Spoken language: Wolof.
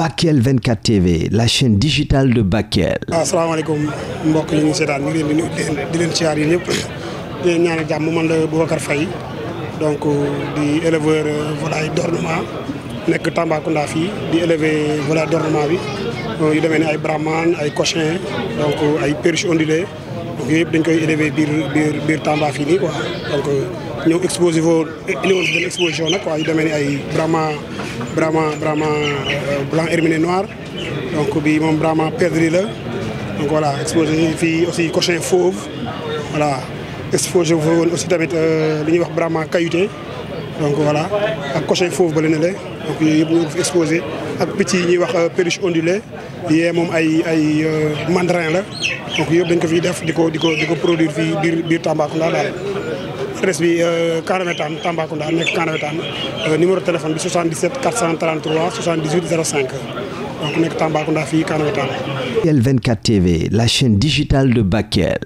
Bakel 24 TV la chaîne digitale de Bakel. waaw ah, asalaamaaleykum mbok yi ñu seetaan ñu ngi di len di leen siyaar yi ñëpp di leen jamm man la Boubacar Faye donc di éleveur euh, volaille d'ornement nek Tambacounda fi di élever volaille d'ornement bi euh, yu demee ne ay brahman ay cochin donc euh, ay perche ondulée donc yooyu dañ koy élever bir bir bir Tamba fi ni quoi donc ñëw exposé vos indi woon benn exposition quoi yu demee ni ay Brahma Brahma Brahma euh, blanc herminé noir donc bi mom Brahma perdrix la donc voilà exposé fi aussi cochin fauve voilà exposé je veux aussi tamit euh, li ñuy wax Brahma caillouté donc voilà ak cochin fauve ba donc yépp ñu exposé ak petit yi ñuy wax euh, perruche ondulée yé mom ay ay mandarin la donc yëpp dañ ko fi def diko diko diko produire fi bir produire fii biir biir adresse bi Kanawetaan euh, Tambacounda nekk Kanawetaan euh, numéro de téléphone bi 77 433 78 05 donc nek Tambacounda Fille Kanawetaan. Bakel 24 TV la chaîne digitale de Bakel.